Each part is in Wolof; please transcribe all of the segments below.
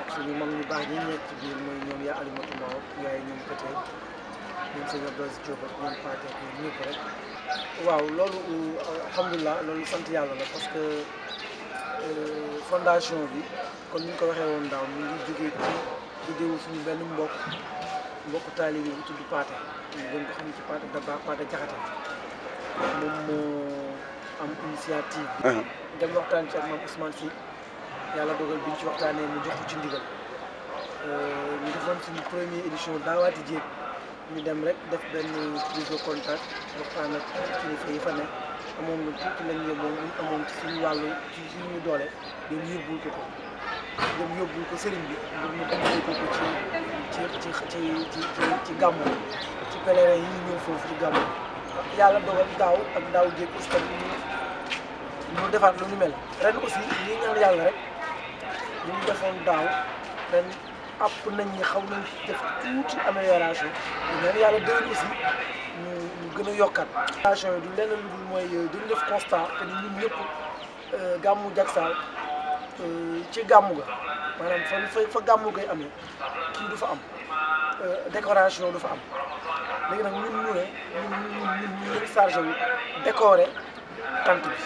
ak suñu mag ñu baax ñi nekk ci biir mooy ñoom yaa Alimatu Mbaw yaay ñoom Pétay ñoom sëñ Abdoulaye Diop ak ñoom Paate ak ñoom ñëpp rek waaw loolu alhamdulilah sant yàlla la parce que euh, fondation bi kon ñu ko waxee woon daaw mu ngi jógee ci idéewu suñu benn mbokk mbokk taalibe bu tudd Paate ñu gën ko xam ci moom moo am initiative uh-huh. dem waxtaan ci ak maam Ousmane Sy yàlla dogal bi ci waxtaanee ñu jox ci ndigal euh, ñu defoon suñu première édition daawaati jéeg ñu dem rek def benn prise de contact waxtaan ak kilifa yi fa ne amoon lu tuuti lañ yóbboon ñu amoon ci ci doole dañu ko ko dem yóbbul ci ci ci ci ci ci gàmmu ci pèlerin yi ñëw foofu ci gàmmu yàlla dogal daaw ak daaw jéeg aussi tamit ñu defaat lu ñu mel ren aussi lii ñaan yàlla rek li ñu defoon daaw ren àpp nañ ñi xaw nañ def tuuti amélioration ñaan yàlla déwén aussi ñu ñu gën a yokkaat amélioration yi du lenn lu dul mooy euh, duñ def constat que ni ñun ñëpp euh, gàmmu Jaksaaw euh, ci gàmmu ga maanaam fa fa fa gàmmu gay amee kii du fa am décoration du fa am léegi nag ñun ñu ne ñun ñun ñun ñu chargé wu décorer tente bi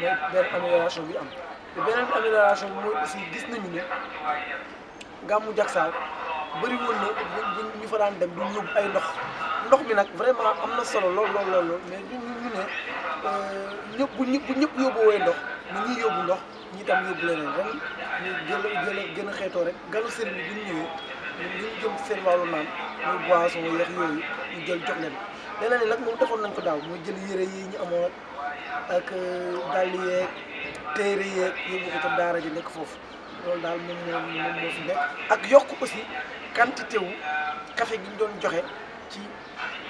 mooy benn amélioration bi am beneen amélioration bi mooy gis nañu ne gàmmu saal bëri woon na buñ ñu fa daan dem du ñu ay ndox ndox bi nag vraiment am na solo lool lool lool mais ñu ne euh, ñëpp bu ñëpp ñëpp yóbbuwee ndox ni ñuy yóbbu ndox ñi tam yóbbu leneen ren ñu jël jël gën xeetoo rek ganu sëriñ bi bu ñu ñëwee seen wàllu naan muy boisson yeex ñu jël jox leen leneen nag moom defoon nañ ko daaw mooy jël yére yi ñu amoon ak euh, dàll yeeg téere yeeg yóbbu ko tam daara ji nekk foofu loolu daal moom moo moom ak yokk aussi quantité wu café gi ñu doon joxe ci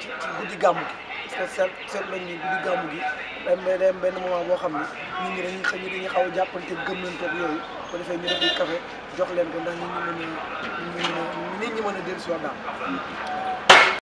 ci ci guddi gàmmu gi parce que seet seet lañ ni guddi gàmmu gi day day am benn moment boo xam ne nit ñi dañuy xëy dañuy xaw a jàppante gëmmantoog yooyu ko defee ñu def café jox leen ko ndax nit ñi mën a nit ñi mën a dellusiwaat daal